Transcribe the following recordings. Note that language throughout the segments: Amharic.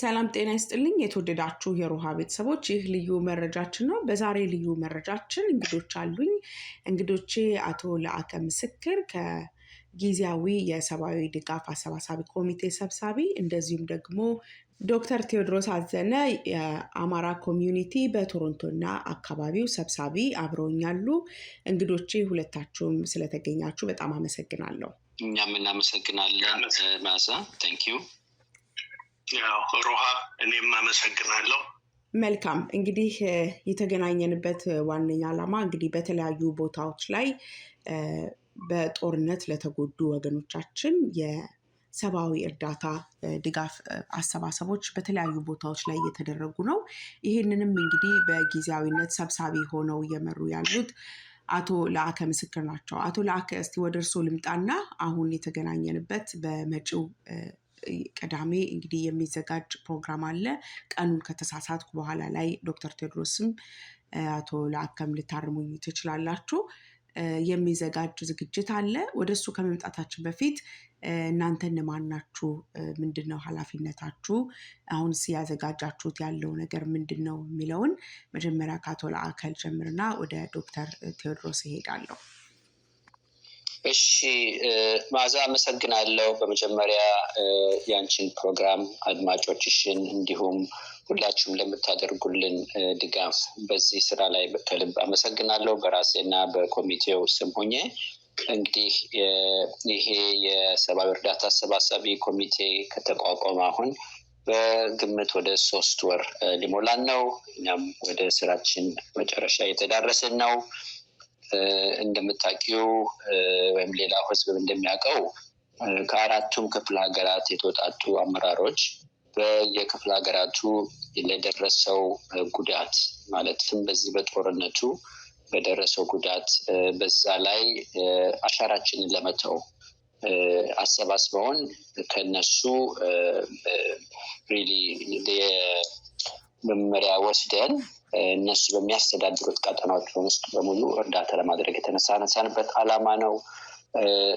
ሰላም ጤና ይስጥልኝ። የተወደዳችሁ የሮሃ ቤተሰቦች ይህ ልዩ መረጃችን ነው። በዛሬ ልዩ መረጃችን እንግዶች አሉኝ። እንግዶቼ አቶ ለአከ ምስክር ከጊዜያዊ የሰብአዊ ድጋፍ አሰባሳቢ ኮሚቴ ሰብሳቢ፣ እንደዚሁም ደግሞ ዶክተር ቴዎድሮስ አዘነ የአማራ ኮሚዩኒቲ በቶሮንቶና አካባቢው ሰብሳቢ አብረውኛሉ። እንግዶቼ ሁለታችሁም ስለተገኛችሁ በጣም አመሰግናለሁ። እኛም እናመሰግናለን ማዛ ቴንኪው ሮሃ እኔም አመሰግናለሁ። መልካም እንግዲህ የተገናኘንበት ዋነኛ ዓላማ እንግዲህ በተለያዩ ቦታዎች ላይ በጦርነት ለተጎዱ ወገኖቻችን የሰብአዊ እርዳታ ድጋፍ አሰባሰቦች በተለያዩ ቦታዎች ላይ እየተደረጉ ነው። ይህንንም እንግዲህ በጊዜያዊነት ሰብሳቢ ሆነው እየመሩ ያሉት አቶ ለአከ ምስክር ናቸው። አቶ ለአከ እስቲ ወደ እርስዎ ልምጣና አሁን የተገናኘንበት በመጪው ቅዳሜ እንግዲህ የሚዘጋጅ ፕሮግራም አለ። ቀኑን ከተሳሳትኩ በኋላ ላይ ዶክተር ቴዎድሮስም አቶ ለአከም ልታርሙኝ ትችላላችሁ የሚዘጋጅ ዝግጅት አለ። ወደ እሱ ከመምጣታችን በፊት እናንተ እነማን ምንድን ነው ኃላፊነታችሁ? አሁን ያዘጋጃችሁት ያለው ነገር ምንድን ነው የሚለውን መጀመሪያ ከአቶ ለአከል ጀምርና ወደ ዶክተር ቴዎድሮስ ይሄዳለሁ። እሺ ማዛ አመሰግናለሁ። በመጀመሪያ ያንቺን ፕሮግራም አድማጮችሽን፣ እንዲሁም ሁላችሁም ለምታደርጉልን ድጋፍ በዚህ ስራ ላይ ከልብ አመሰግናለሁ። በራሴና በኮሚቴው ስም ሆኜ እንግዲህ ይሄ የሰብአዊ እርዳታ አሰባሳቢ ኮሚቴ ከተቋቋመ አሁን በግምት ወደ ሶስት ወር ሊሞላን ነው። እኛም ወደ ስራችን መጨረሻ የተዳረስን ነው። እንደምታውቂው ወይም ሌላ ህዝብ እንደሚያውቀው ከአራቱም ክፍለ ሀገራት የተወጣጡ አመራሮች በየክፍለ ሀገራቱ ለደረሰው ጉዳት ማለትም በዚህ በጦርነቱ በደረሰው ጉዳት በዛ ላይ አሻራችንን ለመተው አሰባስበውን ከነሱ ሪሊ መመሪያ ወስደን እነሱ በሚያስተዳድሩት ቀጠናዎች ውስጥ በሙሉ እርዳታ ለማድረግ የተነሳነሳንበት አላማ ነው።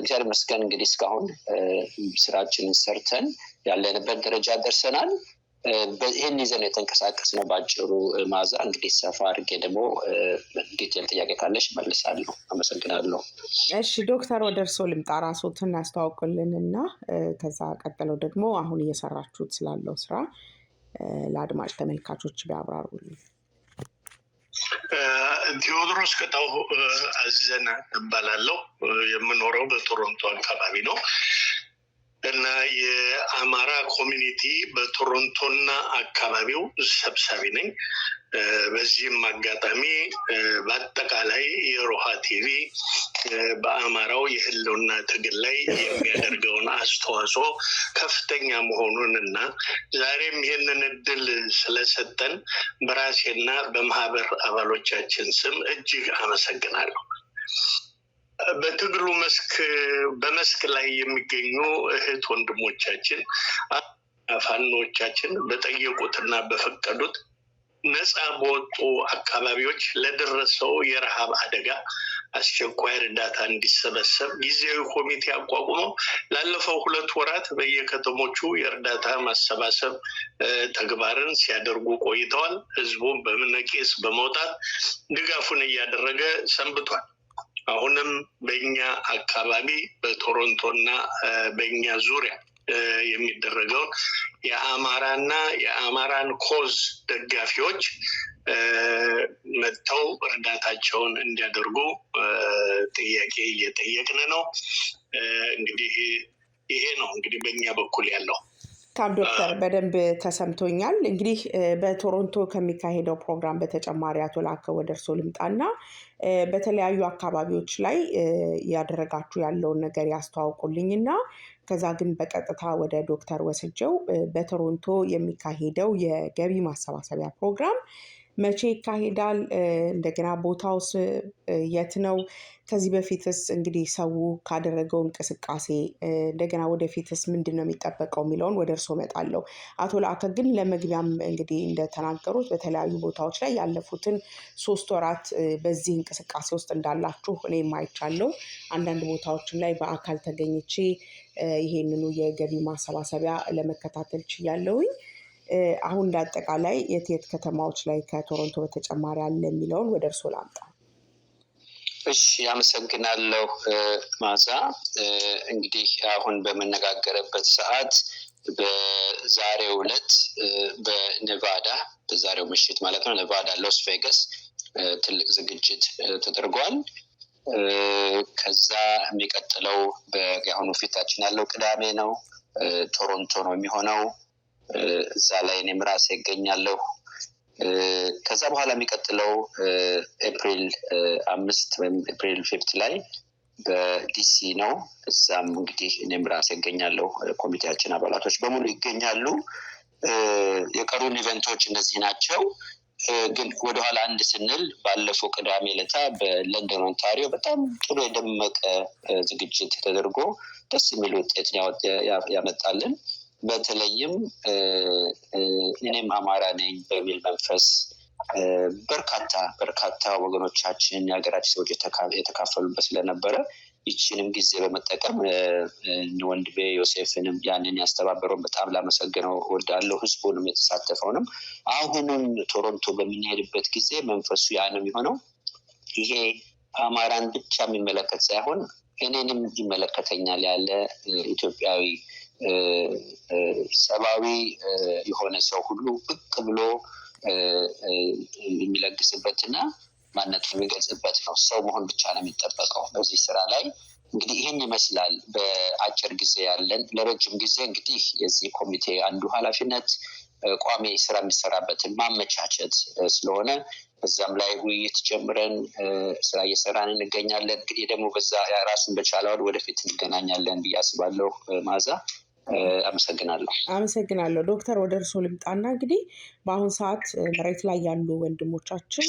እግዚአብሔር ይመስገን እንግዲህ እስካሁን ስራችንን ሰርተን ያለንበት ደረጃ ደርሰናል። ይህን ይዘን የተንቀሳቀስ ነው በአጭሩ ማዛ። እንግዲህ ሰፋ አድርጌ ደግሞ ዲቴል ጥያቄ ካለሽ መልሳለሁ። አመሰግናለሁ። እሺ ዶክተር፣ ወደ እርስዎ ልምጣ። ራሶትን ያስተዋውቅልን እና ከዛ ቀጥለው ደግሞ አሁን እየሰራችሁት ስላለው ስራ ለአድማጭ ተመልካቾች ቢያብራሩልን። ቴዎድሮስ ቅጣው አዘነ እባላለሁ። የምኖረው በቶሮንቶ አካባቢ ነው እና የአማራ ኮሚኒቲ በቶሮንቶና አካባቢው ሰብሳቢ ነኝ። በዚህም አጋጣሚ በአጠቃላይ የሮሃ ቲቪ በአማራው የህልውና ትግል ላይ የሚያደርገውን አስተዋጽኦ ከፍተኛ መሆኑን እና ዛሬም ይህንን እድል ስለሰጠን በራሴና በማህበር አባሎቻችን ስም እጅግ አመሰግናለሁ። በትግሉ መስክ በመስክ ላይ የሚገኙ እህት ወንድሞቻችን ፋኖቻችን በጠየቁትና በፈቀዱት ነፃ በወጡ አካባቢዎች ለደረሰው የረሃብ አደጋ አስቸኳይ እርዳታ እንዲሰበሰብ ጊዜያዊ ኮሚቴ አቋቁሞ ላለፈው ሁለት ወራት በየከተሞቹ የእርዳታ ማሰባሰብ ተግባርን ሲያደርጉ ቆይተዋል። ህዝቡም በምነቄስ በመውጣት ድጋፉን እያደረገ ሰንብቷል። አሁንም በእኛ አካባቢ በቶሮንቶ እና በእኛ ዙሪያ የሚደረገው የአማራና የአማራን ኮዝ ደጋፊዎች መጥተው እርዳታቸውን እንዲያደርጉ ጥያቄ እየጠየቅን ነው። እንግዲህ ይሄ ነው እንግዲህ በእኛ በኩል ያለው። ካም ዶክተር፣ በደንብ ተሰምቶኛል። እንግዲህ በቶሮንቶ ከሚካሄደው ፕሮግራም በተጨማሪ አቶ ላከ ወደ እርሶ ልምጣና በተለያዩ አካባቢዎች ላይ እያደረጋችሁ ያለውን ነገር ያስተዋውቁልኝና ከዛ ግን በቀጥታ ወደ ዶክተር ወስጀው በቶሮንቶ የሚካሄደው የገቢ ማሰባሰቢያ ፕሮግራም መቼ ይካሄዳል? እንደገና ቦታውስ የት ነው? ከዚህ በፊትስ እንግዲህ ሰው ካደረገው እንቅስቃሴ እንደገና ወደፊትስ ምንድን ነው የሚጠበቀው የሚለውን ወደ እርስዎ እመጣለሁ። አቶ ለአከ ግን ለመግቢያም እንግዲህ እንደተናገሩት በተለያዩ ቦታዎች ላይ ያለፉትን ሶስት ወራት በዚህ እንቅስቃሴ ውስጥ እንዳላችሁ እኔም አይቻለሁ። አንዳንድ ቦታዎችም ላይ በአካል ተገኝቼ ይሄንኑ የገቢ ማሰባሰቢያ ለመከታተል ችያለውኝ። አሁን እንዳጠቃላይ አጠቃላይ ከተማዎች ላይ ከቶሮንቶ በተጨማሪ አለ የሚለውን ወደ እርስዎ ላምጣ። እሺ፣ አመሰግናለሁ ማዛ። እንግዲህ አሁን በምነጋገረበት ሰዓት በዛሬው ዕለት በኔቫዳ በዛሬው ምሽት ማለት ነው ኔቫዳ ሎስ ቬገስ ትልቅ ዝግጅት ተደርጓል። ከዛ የሚቀጥለው በአሁኑ ፊታችን ያለው ቅዳሜ ነው፣ ቶሮንቶ ነው የሚሆነው። እዛ ላይ እኔም ራሴ ይገኛለሁ። ከዛ በኋላ የሚቀጥለው ኤፕሪል አምስት ወይም ኤፕሪል ፊፍት ላይ በዲሲ ነው። እዛም እንግዲህ እኔም ራሴ ይገኛለሁ። ኮሚቴያችን አባላቶች በሙሉ ይገኛሉ። የቀሩን ኢቨንቶች እነዚህ ናቸው። ግን ወደኋላ አንድ ስንል ባለፈው ቅዳሜ ለታ በለንደን ኦንታሪዮ በጣም ጥሩ የደመቀ ዝግጅት ተደርጎ ደስ የሚል ውጤት ያመጣልን። በተለይም እኔም አማራ ነኝ በሚል መንፈስ በርካታ በርካታ ወገኖቻችን የሀገራችን ሰዎች የተካፈሉበት ስለነበረ ይችንም ጊዜ በመጠቀም ወንድሜ ዮሴፍንም ያንን ያስተባበረውን በጣም ላመሰግነው ወዳለው ህዝቡንም የተሳተፈውንም አሁንም ቶሮንቶ በምንሄድበት ጊዜ መንፈሱ ያንም የሆነው ይሄ አማራን ብቻ የሚመለከት ሳይሆን እኔንም ይመለከተኛል ያለ ኢትዮጵያዊ ሰብአዊ የሆነ ሰው ሁሉ ብቅ ብሎ የሚለግስበትና ማንነቱን የሚገልጽበት ነው። ሰው መሆን ብቻ ነው የሚጠበቀው በዚህ ስራ ላይ እንግዲህ ይህን ይመስላል በአጭር ጊዜ ያለን። ለረጅም ጊዜ እንግዲህ የዚህ ኮሚቴ አንዱ ኃላፊነት ቋሚ ስራ የሚሰራበትን ማመቻቸት ስለሆነ በዛም ላይ ውይይት ጀምረን ስራ እየሰራን እንገኛለን። እንግዲህ ደግሞ በዛ ራሱን በቻለውን ወደፊት እንገናኛለን ብዬ አስባለሁ ማዛ አመሰግናለሁ። አመሰግናለሁ ዶክተር፣ ወደ እርስዎ ልምጣና እንግዲህ በአሁን ሰዓት መሬት ላይ ያሉ ወንድሞቻችን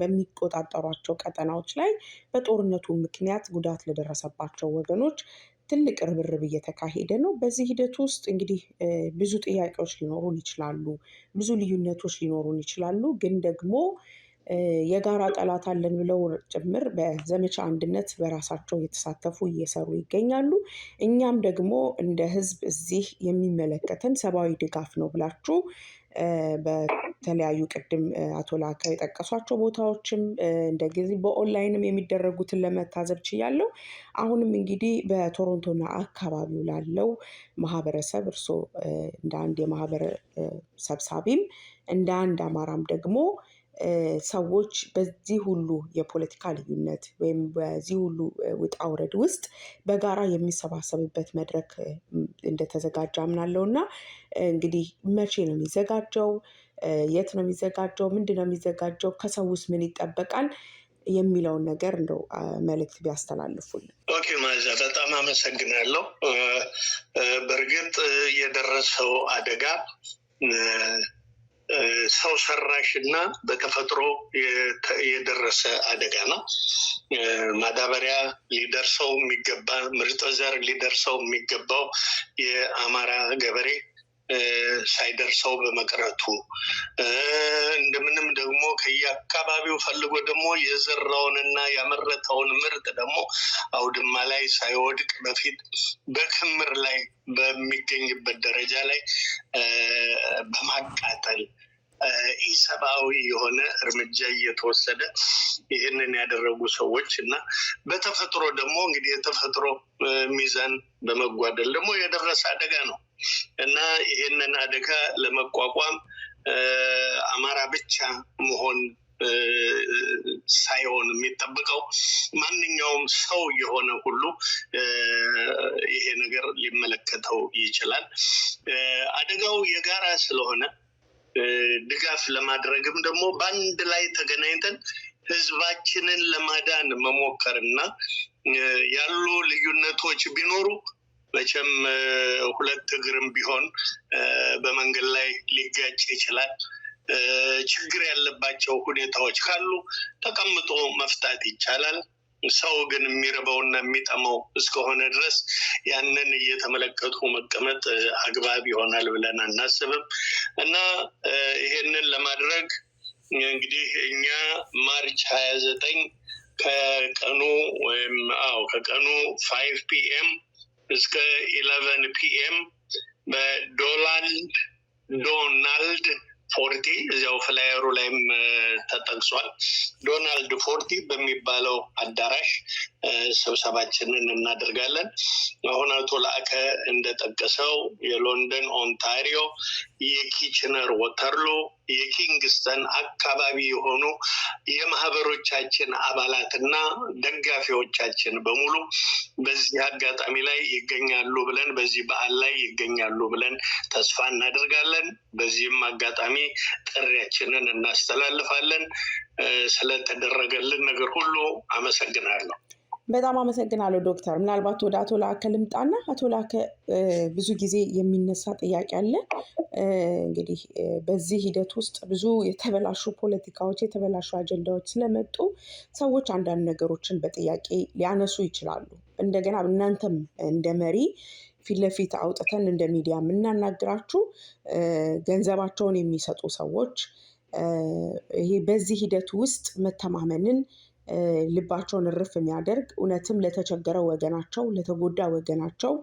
በሚቆጣጠሯቸው ቀጠናዎች ላይ በጦርነቱ ምክንያት ጉዳት ለደረሰባቸው ወገኖች ትልቅ ርብርብ እየተካሄደ ነው። በዚህ ሂደት ውስጥ እንግዲህ ብዙ ጥያቄዎች ሊኖሩን ይችላሉ፣ ብዙ ልዩነቶች ሊኖሩን ይችላሉ። ግን ደግሞ የጋራ ጠላት አለን ብለው ጭምር በዘመቻ አንድነት በራሳቸው እየተሳተፉ እየሰሩ ይገኛሉ። እኛም ደግሞ እንደ ህዝብ እዚህ የሚመለከተን ሰብአዊ ድጋፍ ነው ብላችሁ በተለያዩ ቅድም አቶ ላከ የጠቀሷቸው ቦታዎችም እንደዚህ በኦንላይንም የሚደረጉትን ለመታዘብ ችያለሁ። አሁንም እንግዲህ በቶሮንቶና አካባቢው ላለው ማህበረሰብ እርስዎ እንደ አንድ የማህበር ሰብሳቢም እንደ አንድ አማራም ደግሞ ሰዎች በዚህ ሁሉ የፖለቲካ ልዩነት ወይም በዚህ ሁሉ ውጣ ውረድ ውስጥ በጋራ የሚሰባሰብበት መድረክ እንደተዘጋጀ አምናለው እና እንግዲህ መቼ ነው የሚዘጋጀው? የት ነው የሚዘጋጀው? ምንድን ነው የሚዘጋጀው? ውስጥ ምን ይጠበቃል? የሚለውን ነገር እንደው መልእክት ቢያስተላልፉል። ኦኬ ማዛ በጣም አመሰግናለሁ። በእርግጥ የደረሰው አደጋ ሰው ሰራሽ እና በተፈጥሮ የደረሰ አደጋ ነው። ማዳበሪያ ሊደርሰው የሚገባ ምርጥ ዘር ሊደርሰው የሚገባው የአማራ ገበሬ ሳይደርሰው በመቅረቱ እንደምንም ደግሞ ከየአካባቢው ፈልጎ ደግሞ የዘራውንና ያመረተውን ምርት ደግሞ አውድማ ላይ ሳይወድቅ በፊት በክምር ላይ በሚገኝበት ደረጃ ላይ በማቃጠል ኢሰብአዊ የሆነ እርምጃ እየተወሰደ ይህንን ያደረጉ ሰዎች እና በተፈጥሮ ደግሞ እንግዲህ የተፈጥሮ ሚዛን በመጓደል ደግሞ የደረሰ አደጋ ነው እና ይህንን አደጋ ለመቋቋም አማራ ብቻ መሆን ሳይሆን የሚጠበቀው ማንኛውም ሰው የሆነ ሁሉ ይሄ ነገር ሊመለከተው ይችላል። አደጋው የጋራ ስለሆነ ድጋፍ ለማድረግም ደግሞ በአንድ ላይ ተገናኝተን ህዝባችንን ለማዳን መሞከር እና ያሉ ልዩነቶች ቢኖሩ መቼም ሁለት እግርም ቢሆን በመንገድ ላይ ሊጋጭ ይችላል። ችግር ያለባቸው ሁኔታዎች ካሉ ተቀምጦ መፍታት ይቻላል። ሰው ግን የሚረበውና የሚጠመው እስከሆነ ድረስ ያንን እየተመለከቱ መቀመጥ አግባብ ይሆናል ብለን አናስብም እና ይሄንን ለማድረግ እንግዲህ እኛ ማርች ሀያ ዘጠኝ ከቀኑ ወይም አዎ ከቀኑ ፋይቭ ፒኤም እስከ ኢለቨን ፒኤም በዶናልድ ዶናልድ ፎርቲ እዚያው ፍላየሩ ላይም ተጠቅሷል። ዶናልድ ፎርቲ በሚባለው አዳራሽ ስብሰባችንን እናደርጋለን። አሁን አቶ ላአከ እንደጠቀሰው የሎንደን ኦንታሪዮ፣ የኪችነር ወተርሎ የኪንግስተን አካባቢ የሆኑ የማህበሮቻችን አባላትና ደጋፊዎቻችን በሙሉ በዚህ አጋጣሚ ላይ ይገኛሉ ብለን በዚህ በዓል ላይ ይገኛሉ ብለን ተስፋ እናደርጋለን። በዚህም አጋጣሚ ጥሪያችንን እናስተላልፋለን። ስለተደረገልን ነገር ሁሉ አመሰግናለሁ። በጣም አመሰግናለሁ ዶክተር። ምናልባት ወደ አቶ ላከ ልምጣና አቶ ላከ ብዙ ጊዜ የሚነሳ ጥያቄ አለ። እንግዲህ በዚህ ሂደት ውስጥ ብዙ የተበላሹ ፖለቲካዎች፣ የተበላሹ አጀንዳዎች ስለመጡ ሰዎች አንዳንድ ነገሮችን በጥያቄ ሊያነሱ ይችላሉ። እንደገና እናንተም እንደ መሪ ፊት ለፊት አውጥተን እንደ ሚዲያ የምናናግራችሁ ገንዘባቸውን የሚሰጡ ሰዎች ይሄ በዚህ ሂደት ውስጥ መተማመንን ልባቸውን እርፍ የሚያደርግ እውነትም ለተቸገረ ወገናቸው ለተጎዳ ወገናቸው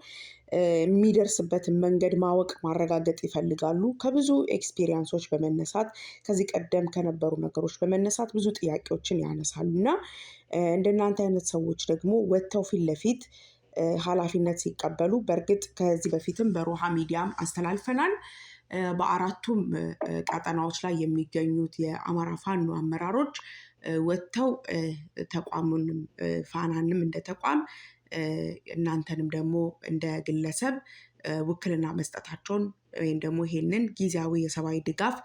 የሚደርስበትን መንገድ ማወቅ ማረጋገጥ ይፈልጋሉ። ከብዙ ኤክስፔሪንሶች በመነሳት ከዚህ ቀደም ከነበሩ ነገሮች በመነሳት ብዙ ጥያቄዎችን ያነሳሉ እና እንደናንተ አይነት ሰዎች ደግሞ ወጥተው ፊት ለፊት ኃላፊነት ሲቀበሉ በእርግጥ ከዚህ በፊትም በሮሃ ሚዲያም አስተላልፈናል። በአራቱም ቀጠናዎች ላይ የሚገኙት የአማራ ፋኖ አመራሮች ወጥተው ተቋሙንም ፋናንም እንደ ተቋም እናንተንም ደግሞ እንደ ግለሰብ ውክልና መስጠታቸውን ወይም ደግሞ ይሄንን ጊዜያዊ የሰብአዊ ድጋፍ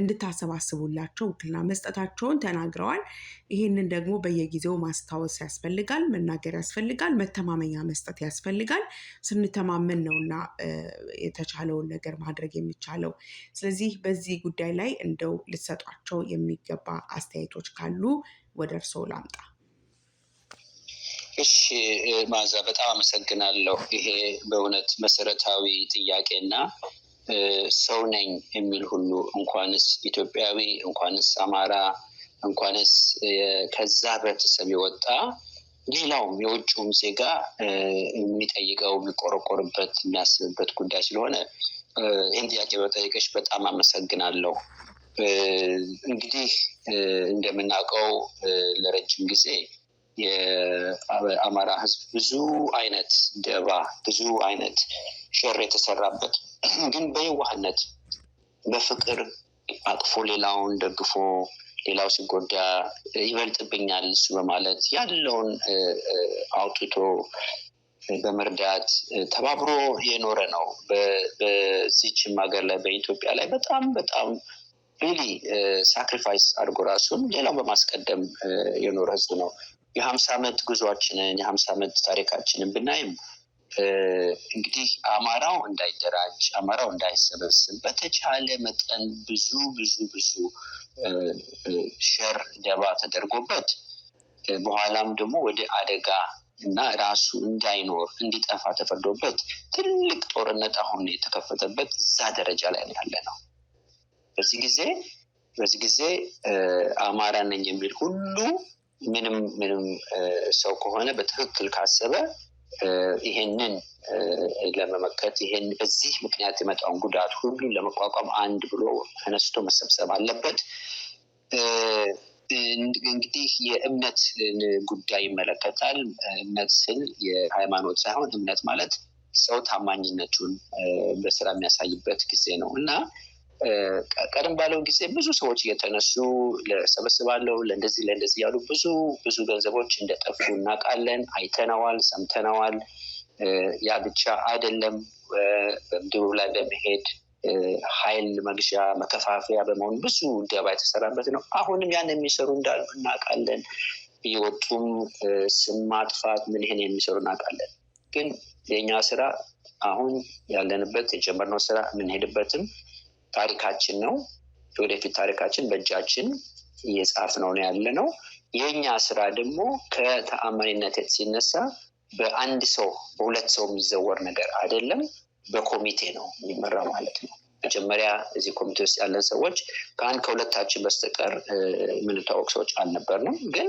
እንድታሰባስቡላቸው ውክልና መስጠታቸውን ተናግረዋል። ይሄንን ደግሞ በየጊዜው ማስታወስ ያስፈልጋል፣ መናገር ያስፈልጋል፣ መተማመኛ መስጠት ያስፈልጋል። ስንተማመን ነውና የተቻለውን ነገር ማድረግ የሚቻለው። ስለዚህ በዚህ ጉዳይ ላይ እንደው ልትሰጧቸው የሚገባ አስተያየቶች ካሉ ወደ እርስዎ ላምጣ። እሺ ማዛ በጣም አመሰግናለሁ። ይሄ በእውነት መሰረታዊ ጥያቄና ሰው ነኝ የሚል ሁሉ እንኳንስ ኢትዮጵያዊ እንኳንስ አማራ እንኳንስ ከዛ ህብረተሰብ የወጣ ሌላውም የውጭውም ዜጋ የሚጠይቀው የሚቆረቆርበት የሚያስብበት ጉዳይ ስለሆነ ይህን ጥያቄ በጠየቀች በጣም አመሰግናለሁ። እንግዲህ እንደምናውቀው ለረጅም ጊዜ የአማራ ህዝብ ብዙ አይነት ደባ፣ ብዙ አይነት ሸር የተሰራበት ግን በየዋህነት በፍቅር አቅፎ ሌላውን ደግፎ ሌላው ሲጎዳ ይበልጥብኛል እሱ በማለት ያለውን አውጥቶ በመርዳት ተባብሮ የኖረ ነው። በዚችም ሀገር ላይ በኢትዮጵያ ላይ በጣም በጣም ሪሊ ሳክሪፋይስ አድርጎ ራሱን ሌላው በማስቀደም የኖረ ህዝብ ነው። የሀምሳ ዓመት ጉዞችንን የሀምሳ ዓመት ታሪካችንን ብናይም እንግዲህ አማራው እንዳይደራጅ አማራው እንዳይሰበስብ በተቻለ መጠን ብዙ ብዙ ብዙ ሸር ደባ ተደርጎበት በኋላም ደግሞ ወደ አደጋ እና ራሱ እንዳይኖር እንዲጠፋ ተፈርዶበት ትልቅ ጦርነት አሁን የተከፈተበት እዛ ደረጃ ላይ ያለ ነው። በዚህ ጊዜ በዚህ ጊዜ አማራ ነኝ የሚል ሁሉ ምንም ምንም ሰው ከሆነ በትክክል ካሰበ ይሄንን ለመመከት ይሄን በዚህ ምክንያት የመጣውን ጉዳት ሁሉ ለመቋቋም አንድ ብሎ ተነስቶ መሰብሰብ አለበት። እንግዲህ የእምነት ጉዳይ ይመለከታል። እምነት ስል የሃይማኖት ሳይሆን እምነት ማለት ሰው ታማኝነቱን በስራ የሚያሳይበት ጊዜ ነው እና ቀደም ባለው ጊዜ ብዙ ሰዎች እየተነሱ ለሰበስባለው ለእንደዚህ ለእንደዚህ ያሉ ብዙ ብዙ ገንዘቦች እንደጠፉ እናውቃለን፣ አይተነዋል፣ ሰምተነዋል። ያ ብቻ አይደለም። በምድሩ ላይ በመሄድ ኃይል መግዣ መከፋፈያ በመሆን ብዙ ደባ የተሰራበት ነው። አሁንም ያን የሚሰሩ እንዳሉ እናውቃለን። እየወጡም ስም ማጥፋት ምን ይሄን የሚሰሩ እናውቃለን። ግን የእኛ ስራ አሁን ያለንበት የጀመርነው ስራ የምንሄድበትም ታሪካችን ነው። የወደፊት ታሪካችን በእጃችን እየጻፍ ነው ነው ያለ ነው። የእኛ ስራ ደግሞ ከተአማኒነት ሲነሳ በአንድ ሰው በሁለት ሰው የሚዘወር ነገር አይደለም። በኮሚቴ ነው የሚመራ ማለት ነው። መጀመሪያ እዚህ ኮሚቴ ውስጥ ያለን ሰዎች ከአንድ ከሁለታችን በስተቀር የምንታወቅ ሰዎች አልነበርንም። ግን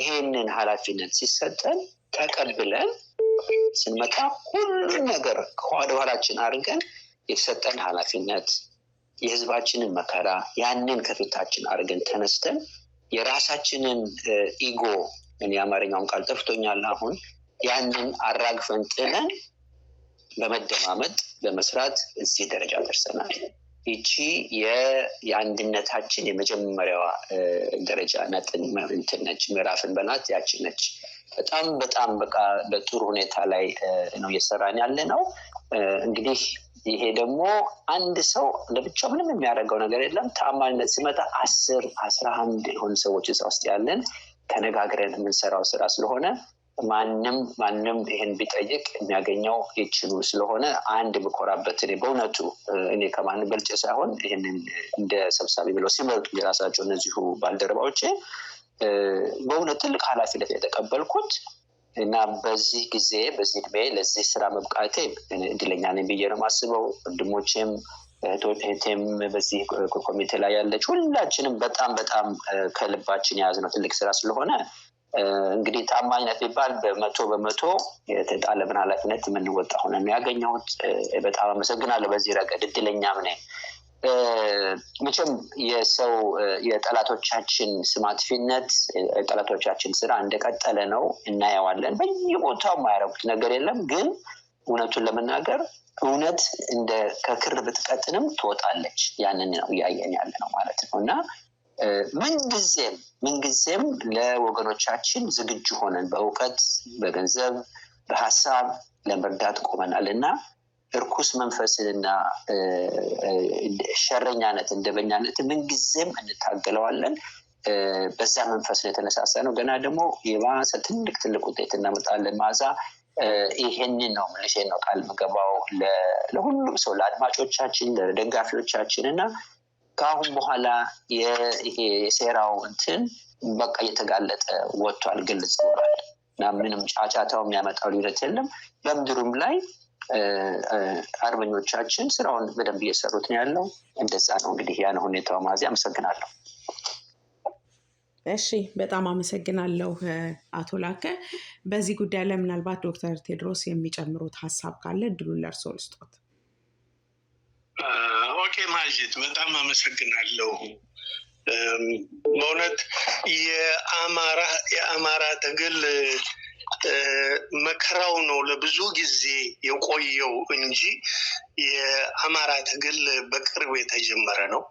ይሄንን ኃላፊነት ሲሰጠን ተቀብለን ስንመጣ ሁሉን ነገር ከኋላ አድርገን የተሰጠን ኃላፊነት የህዝባችንን መከራ ያንን ከፊታችን አድርገን ተነስተን የራሳችንን ኢጎ እኔ አማርኛውን ቃል ጠፍቶኛል አሁን ያንን አራግፈን ጥለን በመደማመጥ በመስራት እዚህ ደረጃ ደርሰናል። ይቺ የአንድነታችን የመጀመሪያዋ ደረጃ ነጥን ምንትነች ምዕራፍን በናት ያች ነች። በጣም በጣም በቃ በጥሩ ሁኔታ ላይ ነው እየሰራን ያለ ነው። እንግዲህ ይሄ ደግሞ አንድ ሰው ለብቻው ምንም የሚያደርገው ነገር የለም። ተአማኒነት ሲመጣ አስር አስራ አንድ የሆኑ ሰዎች እዛ ውስጥ ያለን ተነጋግረን የምንሰራው ስራ ስለሆነ ማንም ማንም ይህን ቢጠይቅ የሚያገኘው ይችሉ ስለሆነ አንድ ምኮራበት እኔ በእውነቱ እኔ ከማን በልጭ ሳይሆን ይህንን እንደ ሰብሳቢ ብለው ሲመርጡ የራሳቸው እነዚሁ ባልደረባዎች በእውነት ትልቅ ሀላፊነት የተቀበልኩት እና በዚህ ጊዜ በዚህ እድሜ ለዚህ ስራ መብቃቴ እድለኛ ነኝ ብዬ ነው ማስበው ወንድሞቼም እህቴም በዚህ ኮሚቴ ላይ ያለች ሁላችንም በጣም በጣም ከልባችን የያዝ ነው ትልቅ ስራ ስለሆነ እንግዲህ ታማኝነት ቢባል በመቶ በመቶ የተጣለብን ኃላፊነት የምንወጣ ሆነ ያገኘሁት በጣም አመሰግናለሁ። በዚህ ረገድ እድለኛም ነኝ። መቼም የሰው የጠላቶቻችን ስማትፊነት የጠላቶቻችን ስራ እንደቀጠለ ነው፣ እናየዋለን። በየቦታው የማያረጉት ነገር የለም። ግን እውነቱን ለመናገር እውነት እንደ ከክር ብትቀጥንም ትወጣለች። ያንን ነው እያየን ያለ ነው ማለት ነው እና ምንጊዜም ምንጊዜም ለወገኖቻችን ዝግጁ ሆነን በእውቀት፣ በገንዘብ፣ በሀሳብ ለመርዳት ቆመናል እና እርኩስ መንፈስንና ሸረኛነት እንደበኛነት ምንጊዜም እንታገለዋለን። በዛ መንፈስ ነው የተነሳሳ ነው። ገና ደግሞ የባሰ ትልቅ ትልቅ ውጤት እናመጣለን። ማዛ ይሄንን ነው ምልሼ ነው ቃል ምገባው ለሁሉም ሰው ለአድማጮቻችን፣ ለደጋፊዎቻችን እና ከአሁን በኋላ ይሄ የሴራው እንትን በቃ እየተጋለጠ ወጥቷል፣ ግልጽ ብሏል እና ምንም ጫጫታው የሚያመጣው ልዩነት የለም በምድሩም ላይ አርበኞቻችን ስራውን በደንብ እየሰሩት ነው ያለው። እንደዛ ነው እንግዲህ ያን ሁኔታው። ማዚ አመሰግናለሁ። እሺ በጣም አመሰግናለሁ አቶ ላከ። በዚህ ጉዳይ ላይ ምናልባት ዶክተር ቴድሮስ የሚጨምሩት ሀሳብ ካለ እድሉን ለእርሶ ልስጦት። ኦኬ ማጅት በጣም አመሰግናለሁ። በእውነት የአማራ ትግል መከራው ነው ለብዙ ጊዜ የቆየው እንጂ የአማራ ትግል በቅርብ የተጀመረ ነው።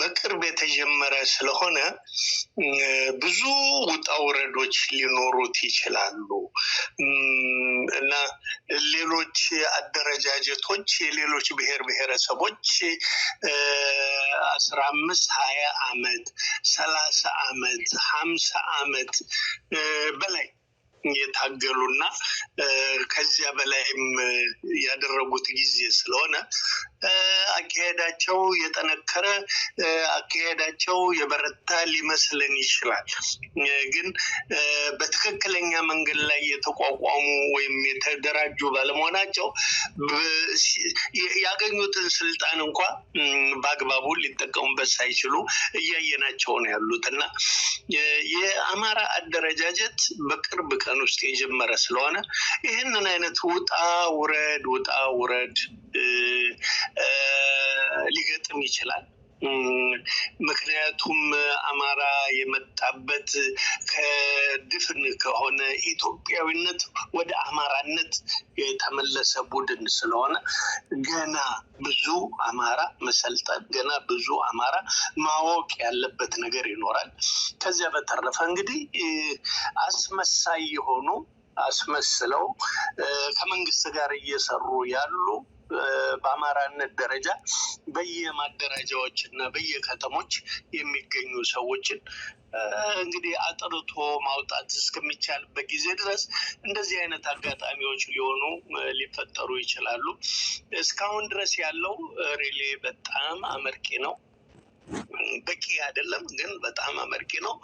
በቅርብ የተጀመረ ስለሆነ ብዙ ውጣ ውረዶች ሊኖሩት ይችላሉ እና ሌሎች አደረጃጀቶች የሌሎች ብሔር ብሔረሰቦች አስራ አምስት ሀያ አመት ሰላሳ አመት ሀምሳ አመት በላይ የታገሉና ከዚያ በላይም ያደረጉት ጊዜ ስለሆነ አካሄዳቸው የጠነከረ አካሄዳቸው የበረታ ሊመስለን ይችላል። ግን በትክክለኛ መንገድ ላይ የተቋቋሙ ወይም የተደራጁ ባለመሆናቸው ያገኙትን ስልጣን እንኳ በአግባቡ ሊጠቀሙበት ሳይችሉ እያየናቸው ነው ያሉት እና የአማራ አደረጃጀት በቅርብ ቀን ውስጥ የጀመረ ስለሆነ ይህንን አይነት ውጣ ውረድ ውጣ ውረድ ሊገጥም ይችላል። ምክንያቱም አማራ የመጣበት ከድፍን ከሆነ ኢትዮጵያዊነት ወደ አማራነት የተመለሰ ቡድን ስለሆነ ገና ብዙ አማራ መሰልጠን፣ ገና ብዙ አማራ ማወቅ ያለበት ነገር ይኖራል። ከዚያ በተረፈ እንግዲህ አስመሳይ የሆኑ አስመስለው ከመንግስት ጋር እየሰሩ ያሉ በአማራነት ደረጃ በየማደራጃዎች እና በየከተሞች የሚገኙ ሰዎችን እንግዲህ አጥርቶ ማውጣት እስከሚቻልበት ጊዜ ድረስ እንደዚህ አይነት አጋጣሚዎች ሊሆኑ ሊፈጠሩ ይችላሉ። እስካሁን ድረስ ያለው ሪሌ በጣም አመርቂ ነው። በቂ አይደለም፣ ግን በጣም አመርቂ ነው።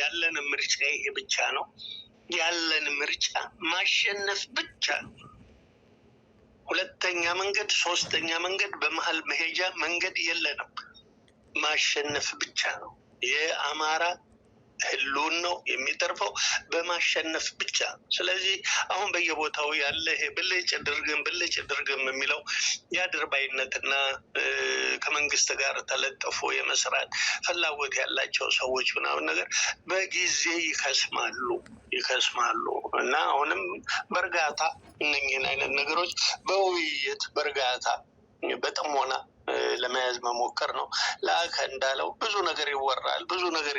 ያለን ምርጫ ይሄ ብቻ ነው። ያለን ምርጫ ማሸነፍ ብቻ ነው። ሁለተኛ መንገድ፣ ሶስተኛ መንገድ፣ በመሀል መሄጃ መንገድ የለንም። ማሸነፍ ብቻ ነው የአማራ ነው የሚተርፈው በማሸነፍ ብቻ። ስለዚህ አሁን በየቦታው ያለ ይሄ ብልጭ ድርግም ብልጭ ድርግም የሚለው የአድርባይነትና ከመንግስት ጋር ተለጠፎ የመስራት ፍላጎት ያላቸው ሰዎች ምናምን ነገር በጊዜ ይከስማሉ ይከስማሉ እና አሁንም በእርጋታ እነኝህን አይነት ነገሮች በውይይት በእርጋታ በጥሞና ለመያዝ መሞከር ነው። ለአከ እንዳለው ብዙ ነገር ይወራል። ብዙ ነገር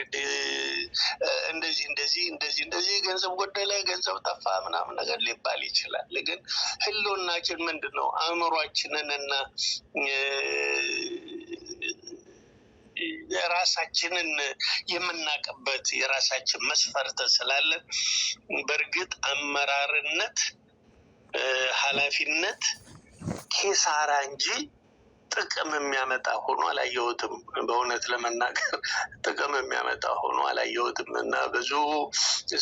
እንደዚህ እንደዚህ እንደዚህ እንደዚህ ገንዘብ ጎደለ፣ ገንዘብ ጠፋ ምናምን ነገር ሊባል ይችላል። ግን ህልውናችን ምንድን ነው? አእምሯችንን እና የራሳችንን የምናቅበት የራሳችን መስፈርት ስላለን በእርግጥ አመራርነት ኃላፊነት ኪሳራ እንጂ ጥቅም የሚያመጣ ሆኖ አላየሁትም። በእውነት ለመናገር ጥቅም የሚያመጣ ሆኖ አላየሁትም እና ብዙ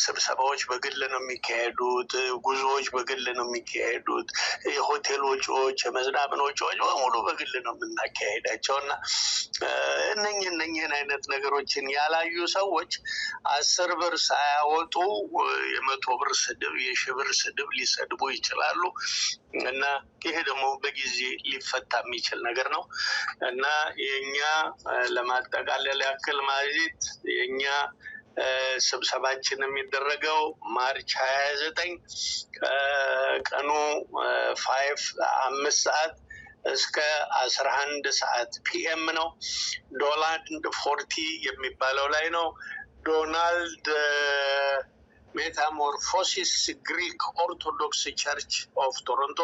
ስብሰባዎች በግል ነው የሚካሄዱት፣ ጉዞዎች በግል ነው የሚካሄዱት፣ የሆቴል ወጪዎች፣ የመዝናምን ወጪዎች በሙሉ በግል ነው የምናካሄዳቸው እና እነኝህ እነኝህን አይነት ነገሮችን ያላዩ ሰዎች አስር ብር ሳያወጡ የመቶ ብር ስድብ፣ የሺ ብር ስድብ ሊሰድቡ ይችላሉ እና ይሄ ደግሞ በጊዜ ሊፈታ የሚችል ነገር ነገር ነው እና የእኛ ለማጠቃለል ያክል ማለት የእኛ ስብሰባችን የሚደረገው ማርች ሀያ ዘጠኝ ቀኑ ፋይቭ አምስት ሰዓት እስከ አስራ አንድ ሰዓት ፒኤም ነው። ዶላንድ ፎርቲ የሚባለው ላይ ነው ዶናልድ ሜታሞርፎሲስ ግሪክ ኦርቶዶክስ ቸርች ኦፍ ቶሮንቶ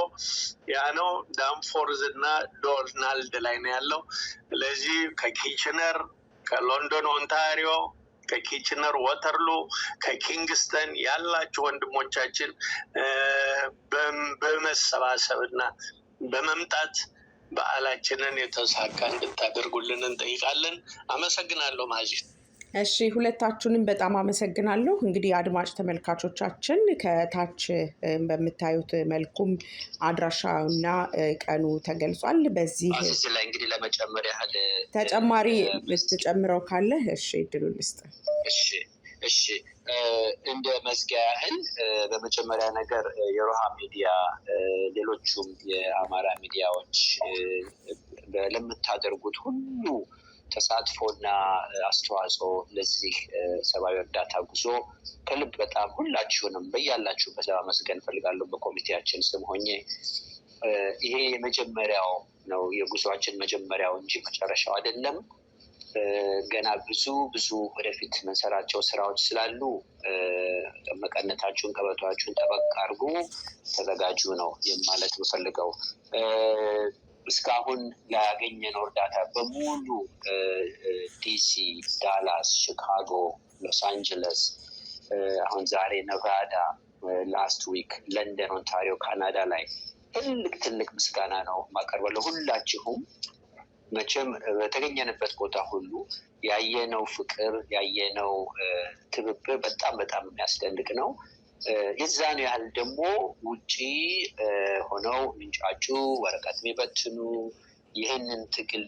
ያ ነው። ዳንፎርዝ እና ዶናልድ ላይ ነው ያለው። ስለዚህ ከኪችነር ከሎንዶን ኦንታሪዮ ከኪችነር ወተርሉ ከኪንግስተን ያላችሁ ወንድሞቻችን በመሰባሰብ እና በመምጣት በዓላችንን የተሳካ እንድታደርጉልን እንጠይቃለን። አመሰግናለሁ ማዚት እሺ ሁለታችሁንም በጣም አመሰግናለሁ። እንግዲህ አድማጭ ተመልካቾቻችን ከታች በምታዩት መልኩም አድራሻውና ቀኑ ተገልጿል። በዚህ ላይ እንግዲህ ለመጨመር ያህል ተጨማሪ ምትጨምረው ካለ እሺ እድሉን ልስጥ። እሺ እሺ እንደ መዝጊያ ያህል በመጀመሪያ ነገር የሮሃ ሚዲያ ሌሎቹም የአማራ ሚዲያዎች ለምታደርጉት ሁሉ ተሳትፎና አስተዋጽኦ ለዚህ ሰብአዊ እርዳታ ጉዞ ከልብ በጣም ሁላችሁንም በያላችሁበት ለማመስገን እፈልጋለሁ። በኮሚቴያችን ስም ሆኜ ይሄ የመጀመሪያው ነው የጉዞችን መጀመሪያው እንጂ መጨረሻው አይደለም። ገና ብዙ ብዙ ወደፊት መንሰራቸው ስራዎች ስላሉ መቀነታችሁን ከበቷችሁን ጠበቅ አርጉ ተዘጋጁ ነው የማለት የምፈልገው። እስካሁን ያገኘነው እርዳታ በሙሉ ዲሲ፣ ዳላስ፣ ቺካጎ፣ ሎስ አንጀለስ፣ አሁን ዛሬ ነቫዳ፣ ላስት ዊክ ለንደን፣ ኦንታሪዮ ካናዳ ላይ ትልቅ ትልቅ ምስጋና ነው ማቀርበ ለሁላችሁም። መቼም በተገኘንበት ቦታ ሁሉ ያየነው ፍቅር ያየነው ትብብር በጣም በጣም የሚያስደንቅ ነው። የዛን ያህል ደግሞ ውጪ ሆነው ምንጫጩ ወረቀት የሚበትኑ ይህንን ትግል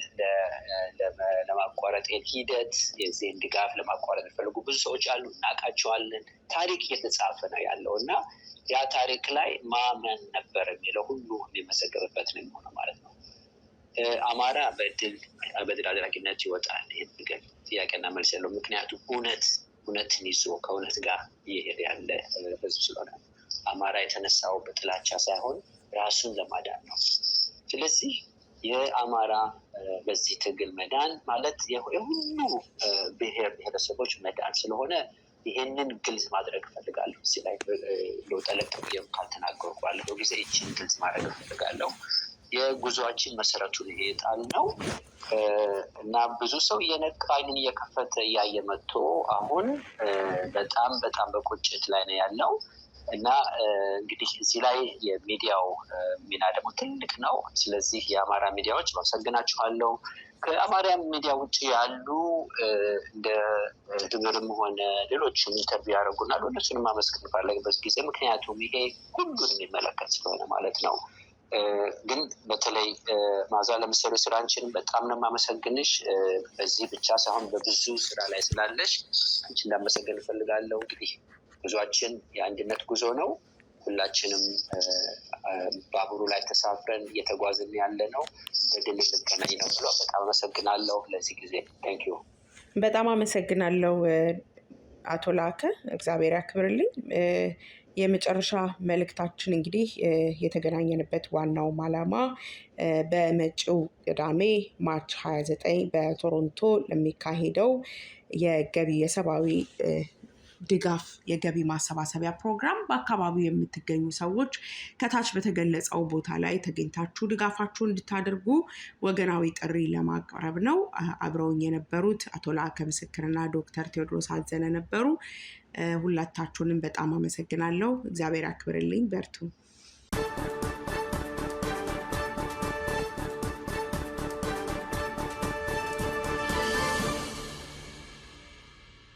ለማቋረጥ ሂደት የዚህን ድጋፍ ለማቋረጥ የሚፈልጉ ብዙ ሰዎች አሉ፣ እናውቃቸዋለን። ታሪክ እየተጻፈ ነው ያለው እና ያ ታሪክ ላይ ማመን ነበር የሚለው ሁሉ የሚመሰገርበት ነው የሚሆነው ማለት ነው። አማራ በድል በድል አድራጊነት ይወጣል። ይህን ጥያቄና መልስ ያለው ምክንያቱ እውነት እውነትን ይዞ ከእውነት ጋር እየሄደ ያለ ህዝብ ስለሆነ አማራ የተነሳው በጥላቻ ሳይሆን ራሱን ለማዳን ነው። ስለዚህ የአማራ በዚህ ትግል መዳን ማለት የሁሉ ብሔር ብሔረሰቦች መዳን ስለሆነ ይሄንን ግልጽ ማድረግ እፈልጋለሁ። እዚህ ላይ ለውጠለቅ ብዬም ካልተናገርኩ ባለፈው ጊዜ ይችን ግልጽ ማድረግ እፈልጋለሁ። የጉዟችን መሰረቱን ይጣል ነው እና ብዙ ሰው እየነቃ አይኑን እየከፈተ እያየ መጥቶ አሁን በጣም በጣም በቁጭት ላይ ነው ያለው እና እንግዲህ እዚህ ላይ የሚዲያው ሚና ደግሞ ትልቅ ነው። ስለዚህ የአማራ ሚዲያዎች አመሰግናችኋለሁ። ከአማራ ሚዲያ ውጭ ያሉ እንደ ድምርም ሆነ ሌሎችም ኢንተርቪው ያደረጉናሉ እነሱንም አመስገን ባለበት ጊዜ ምክንያቱም ይሄ ሁሉን የሚመለከት ስለሆነ ማለት ነው። ግን በተለይ ማዛ ለምሰሩ ስራንችን በጣም ነው የማመሰግንሽ። በዚህ ብቻ ሳይሆን በብዙ ስራ ላይ ስላለሽ አንቺ እንዳመሰገን እፈልጋለሁ። እንግዲህ ጉዟችን የአንድነት ጉዞ ነው። ሁላችንም ባቡሩ ላይ ተሳፍረን እየተጓዝን ያለ ነው። በድል እንገናኝ ነው ብሎ በጣም አመሰግናለሁ ለዚህ ጊዜ ዩ። በጣም አመሰግናለሁ አቶ ላከ፣ እግዚአብሔር ያክብርልኝ። የመጨረሻ መልእክታችን እንግዲህ የተገናኘንበት ዋናውም ዓላማ በመጪው ቅዳሜ ማርች 29 በቶሮንቶ ለሚካሄደው የገቢ የሰብአዊ ድጋፍ የገቢ ማሰባሰቢያ ፕሮግራም በአካባቢው የምትገኙ ሰዎች ከታች በተገለጸው ቦታ ላይ ተገኝታችሁ ድጋፋችሁ እንድታደርጉ ወገናዊ ጥሪ ለማቅረብ ነው። አብረውኝ የነበሩት አቶ ለአከ ምስክርና ዶክተር ቴዎድሮስ አዘነ ነበሩ። ሁላታችሁንም በጣም አመሰግናለሁ። እግዚአብሔር አክብርልኝ። በርቱ።